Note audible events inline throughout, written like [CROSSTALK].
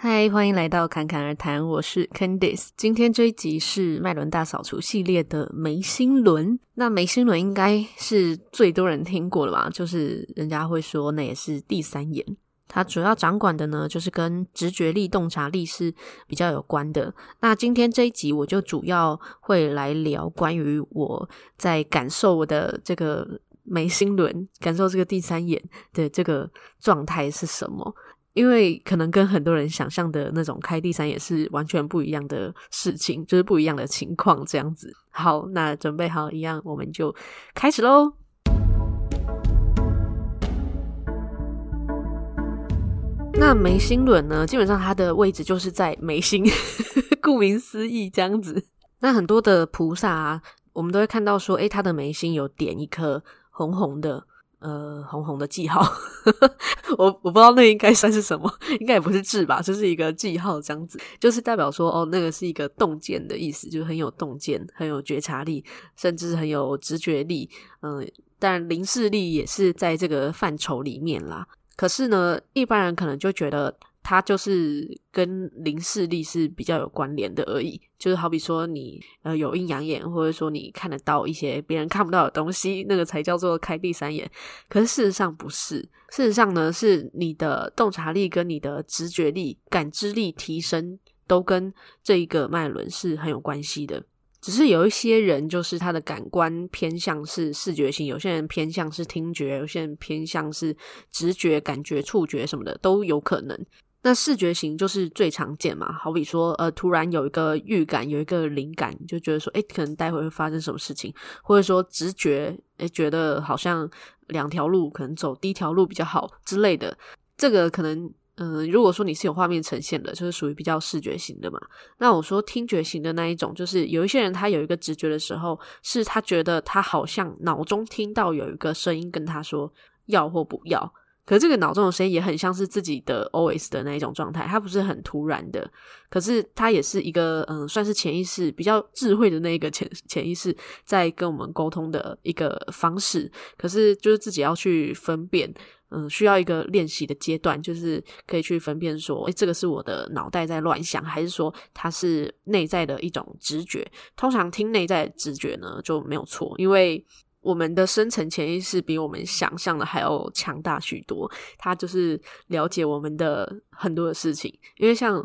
嗨，Hi, 歡迎來到侃侃而談，我是 Candice。今天這一集是脈輪大掃除系列的眉心輪。那眉心輪應該是最多人聽過的吧？就是人家會說那也是第三眼。它主要掌管的呢，就是跟直覺力、洞察力是比較有關的。那今天這一集，我就主要會來聊關於我在感受我的這個眉心輪，感受這個第三眼的這個狀態是什麼。因為可能跟很多人想象的那種開第三也是完全不一樣的事情，就是不一樣的情況這樣子。好，那準備好一樣，我們就開始嘍。 [NOISE] 那眉心輪呢，基本上它的位置就是在眉心， [LAUGHS] 顧名思義這樣子。那很多的菩薩，啊，我們都會看到說，誒，他的眉心有點一顆紅紅的。呃，紅紅的記號， [LAUGHS] 我我不知道那應該算是什麼，應該也不是字吧，就是一個記號這樣子，就是代表說，哦，那個是一個洞見的意思，就是很有洞見，很有覺察力，甚至很有直覺力，嗯、呃，但靈視力也是在這個範疇裡面啦。可是呢，一般人可能就覺得。它就是跟靈視力是比較有關聯的而已，就是好比說你，呃，有陰陽眼，或者說你看得到一些別人看不到的東西，那個才叫做開第三眼。可是事實上不是，事實上呢是你的洞察力、跟你的直覺力、感知力提升，都跟這一個脈輪是很有關係的。只是有一些人就是他的感官偏向是視覺性，有些人偏向是聽覺，有些人偏向是直覺、感覺、觸覺什麼的都有可能。那視覺型就是最常見嘛，好比說，呃，突然有一個預感，有一個靈感，就覺得說，哎、欸，可能待會會發生什麼事情，或者說直覺，哎、欸，覺得好像兩條路，可能走第一條路比較好之類的。這個可能，嗯、呃，如果說你是有畫面呈現的，就是屬於比較視覺型的嘛。那我說聽覺型的那一種，就是有一些人他有一個直覺的時候，是他覺得他好像腦中聽到有一個聲音跟他說要或不要。可是，這個腦中的聲音也很像是自己的 OS 的那一種狀態，它不是很突然的，可是它也是一個，嗯，算是潛意識比較智慧的那一個潛、潛意識在跟我們溝通的一個方式。可是就是自己要去分辨，嗯，需要一個練習的階段，就是可以去分辨說，哎、欸，這個是我的腦袋在亂想，還是說它是內在的一種直覺？通常聽內在的直覺呢，就沒有錯，因為，我們的深層潛意識比我們想象的還要強大許多，它就是了解我們的很多的事情。因為像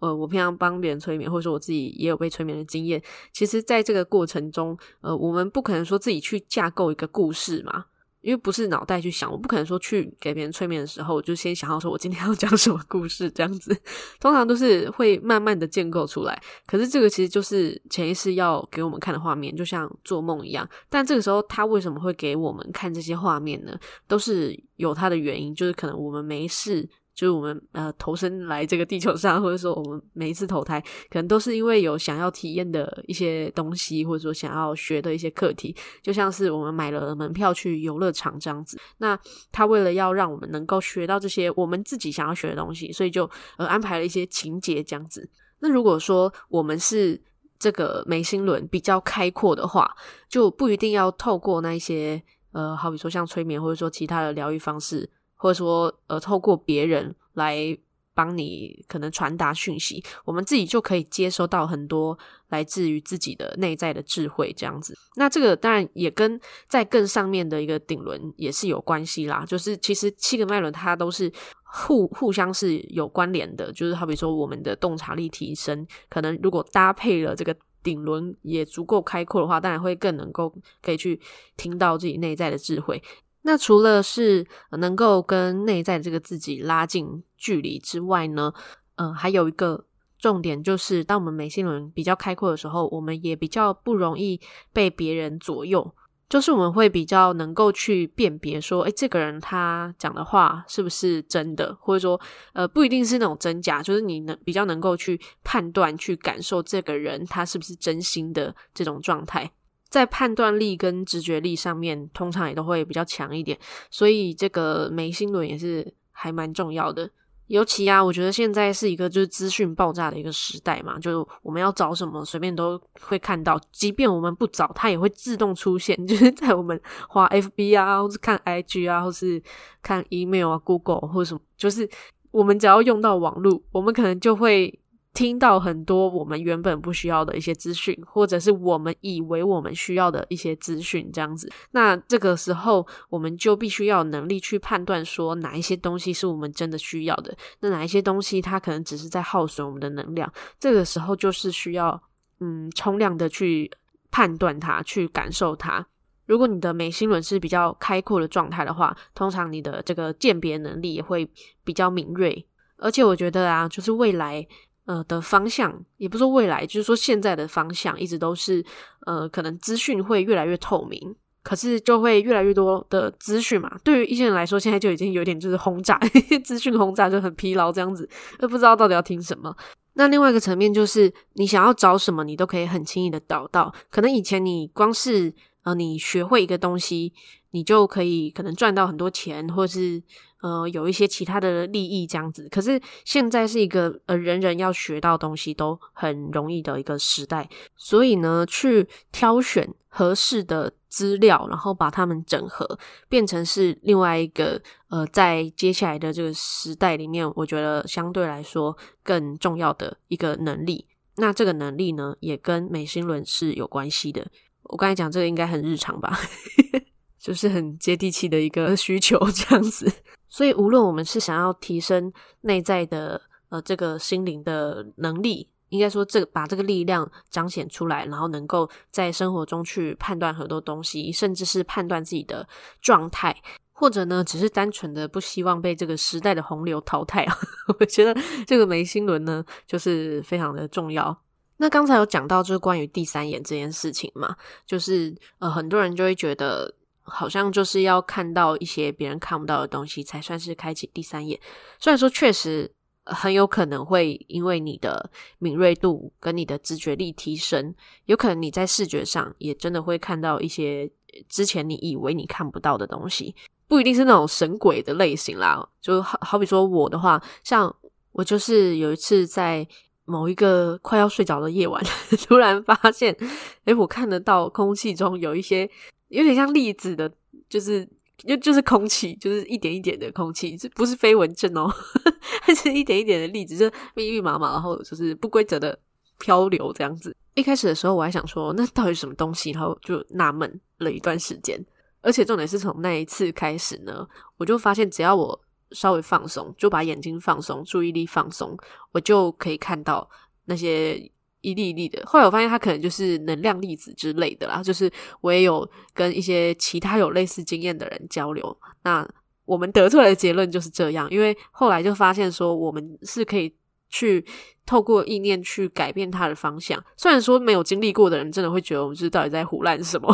呃，我平常幫別人催眠，或者說我自己也有被催眠的經驗，其實在這個過程中，呃，我們不可能說自己去架構一個故事嘛。因為不是腦袋去想，我不可能說去給別人催眠的時候，我就先想到說我今天要講什麼故事，這樣子，通常都是會慢慢的建構出來。可是這個其實就是潛意識要給我們看的畫面，就像做夢一樣。但這個時候他為什麼會給我們看這些畫面呢？都是有他的原因，就是可能我們沒事，就是我們呃投身來這個地球上，或者說我們每一次投胎，可能都是因為有想要體驗的一些東西，或者說想要學的一些課題，就像是我們買了門票去遊樂場這樣子。那他為了要讓我們能夠學到這些我們自己想要學的東西，所以就呃安排了一些情節這樣子。那如果說我們是這個眉心輪比較開闊的話，就不一定要透過那一些呃，好比說像催眠或者說其他的療癒方式。或者說，呃，透過別人來幫你可能傳達訊息，我們自己就可以接收到很多來自於自己的內在的智慧。這樣子，那這個當然也跟在更上面的一個頂輪也是有關係啦。就是其實七個脈輪它都是互互相是有關聯的。就是好比說，我們的洞察力提升，可能如果搭配了這個頂輪也足夠開闊的話，當然會更能夠可以去聽到自己內在的智慧。那除了是能夠跟內在的這個自己拉近距離之外呢，呃，還有一個重點就是，當我們眉心輪比較開闊的時候，我們也比較不容易被別人左右。就是我們會比較能夠去辨別說，哎、欸，這個人他講的話是不是真的，或者說，呃，不一定是那種真假，就是你能比較能夠去判斷、去感受這個人他是不是真心的這種狀態。在判斷力跟直覺力上面，通常也都會比較強一點，所以這個眉心輪也是還蠻重要的。尤其啊，我覺得現在是一個就是資訊爆炸的一個時代嘛，就是我們要找什麼，隨便都會看到，即便我們不找，它也會自動出現，就是在我們滑 FB 啊，或是看 IG 啊，或是看 Email 啊，Google 或者什麼，就是我們只要用到網絡，我們可能就會，聽到很多我們原本不需要的一些資訊，或者是我們以為我們需要的一些資訊，這樣子，那這個時候我們就必須要有能力去判斷，說哪一些東西是我們真的需要的，那哪一些東西它可能只是在耗損我們的能量。這個時候就是需要嗯，充量的去判斷它，去感受它。如果你的眉心輪是比較開闊的狀態的話，通常你的這個鑑別能力也會比較敏銳。而且我覺得啊，就是未來。呃，的方向也不是說未來，就是說現在的方向，一直都是呃，可能資訊會越來越透明，可是就會越來越多的資訊嘛。對於一些人來說，現在就已經有點就是轟炸，嘿嘿資訊轟炸就很疲勞，這樣子，不知道到底要聽什麼。那另外一個層面就是，你想要找什麼，你都可以很輕易的找到。可能以前你光是。呃，你學會一個東西，你就可以可能賺到很多錢，或是呃有一些其他的利益這樣子。可是現在是一個呃人人要學到東西都很容易的一個時代，所以呢，去挑選合適的資料，然後把它們整合，變成是另外一個呃在接下來的這個時代裡面，我覺得相對來說更重要的一個能力。那這個能力呢，也跟眉心輪是有關係的。我剛才講這個應該很日常吧，嘿 [LAUGHS] 嘿，就是很接地氣的一個需求這樣子。所以無論我們是想要提升內在的呃這個心靈的能力，應該說這把這個力量彰顯出來，然後能夠在生活中去判斷很多東西，甚至是判斷自己的狀態，或者呢只是單純的不希望被這個時代的洪流淘汰啊。 [LAUGHS] 我覺得這個眉心輪呢就是非常的重要。那剛才有講到，就是關於第三眼這件事情嘛，就是呃，很多人就會覺得，好像就是要看到一些別人看不到的東西，才算是開啟第三眼。雖然說確實，呃，很有可能會因為你的敏銳度跟你的直覺力提升，有可能你在視覺上也真的會看到一些之前你以為你看不到的東西，不一定是那種神鬼的類型啦。就好好比說我的話，像我就是有一次在。某一個快要睡着的夜晚，突然發現，哎，我看得到空氣中有一些有點像粒子的，就是就就是空氣，就是一點一點的空氣，這不是飛蚊症哦，呵呵，它是一點一點的粒子，就密密麻麻，然後就是不規則的漂流這樣子。一開始的時候我還想說，那到底是什麼東西？然後就納悶了一段時間。而且重點是從那一次開始呢，我就發現只要我。稍微放鬆，就把眼睛放鬆，注意力放鬆，我就可以看到那些一粒一粒的。後來我發現，它可能就是能量粒子之類的啦。就是我也有跟一些其他有類似經驗的人交流，那我們得出來的結論就是這樣。因為後來就發現說，我們是可以去透過意念去改變它的方向。雖然說沒有經歷過的人，真的會覺得我們就是到底在唬爛什麼。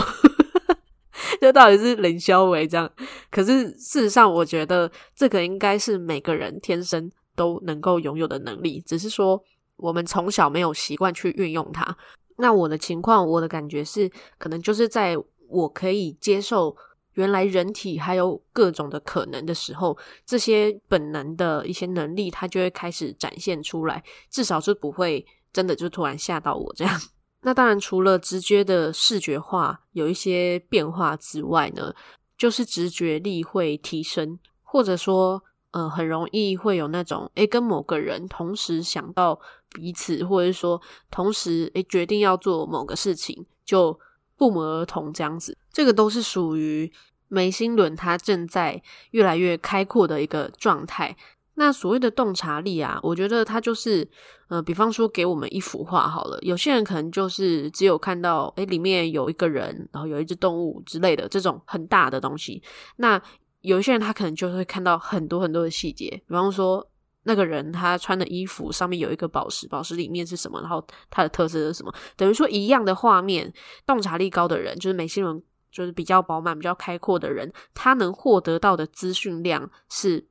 這 [LAUGHS] 到底是凌消為這樣，可是事實上，我覺得這個應該是每個人天生都能夠擁有的能力，只是說我們從小沒有習慣去運用它。那我的情況，我的感覺是，可能就是在我可以接受原來人體還有各種的可能的時候，這些本能的一些能力，它就會開始展現出來。至少是不會真的就突然嚇到我這樣。那當然，除了直接的視覺化有一些變化之外呢，就是直覺力會提升，或者說，呃，很容易會有那種，誒跟某個人同時想到彼此，或者是說，同時，誒決定要做某個事情，就不謀而同這樣子，這個都是屬於眉心輪它正在越來越開闊的一個狀態。那所謂的洞察力啊，我覺得它就是，呃，比方說給我們一幅畫好了，有些人可能就是只有看到，哎，裡面有一個人，然後有一隻動物之類的這種很大的東西。那有一些人他可能就會看到很多很多的細節，比方說那個人他穿的衣服上面有一個寶石，寶石裡面是什麼，然後他的特質是什麼。等於說一樣的畫面，洞察力高的人就是眉心輪，就是比較飽滿、比較開闊的人，他能獲得到的資訊量是。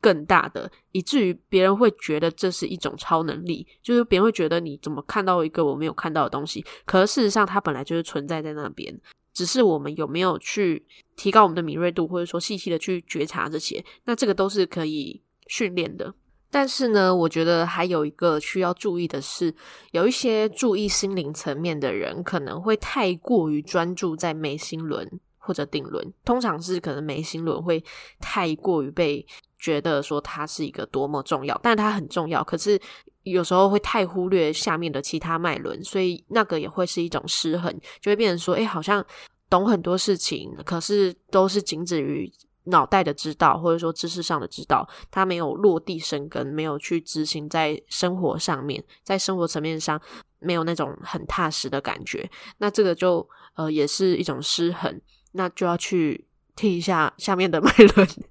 更大的，以至於別人會覺得這是一種超能力，就是別人會覺得你怎麼看到一個我沒有看到的東西？可事實上它本來就是存在在那邊，只是我們有沒有去提高我們的敏銳度，或者說細細的去覺察這些？那這個都是可以訓練的。但是呢，我覺得還有一個需要注意的是，有一些注意心靈層面的人，可能會太過於專注在眉心輪或者頂輪，通常是可能眉心輪會太過於被。覺得說它是一個多麼重要，但是它很重要，可是有時候會太忽略下面的其他脈輪，所以那個也會是一種失衡，就會變成說，哎、欸，好像懂很多事情，可是都是僅止於腦袋的知道，或者說知識上的知道，它沒有落地生根，沒有去執行在生活上面，在生活層面上沒有那種很踏實的感覺，那這個就呃也是一種失衡，那就要去聽一下下面的脈輪。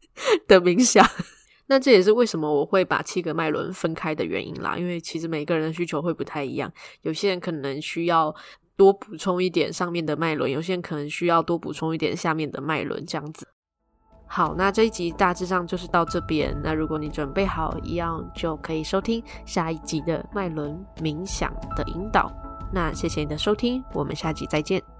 的冥想， [LAUGHS] 那這也是為什麼我會把七個脈輪分開的原因啦，因為其實每個人的需求會不太一樣，有些人可能需要多補充一點上面的脈輪，有些人可能需要多補充一點下面的脈輪，這樣子。好，那這一集大致上就是到這邊，那如果你準備好一樣，就可以收聽下一集的脈輪冥想的引導。那謝謝你的收聽，我們下集再見。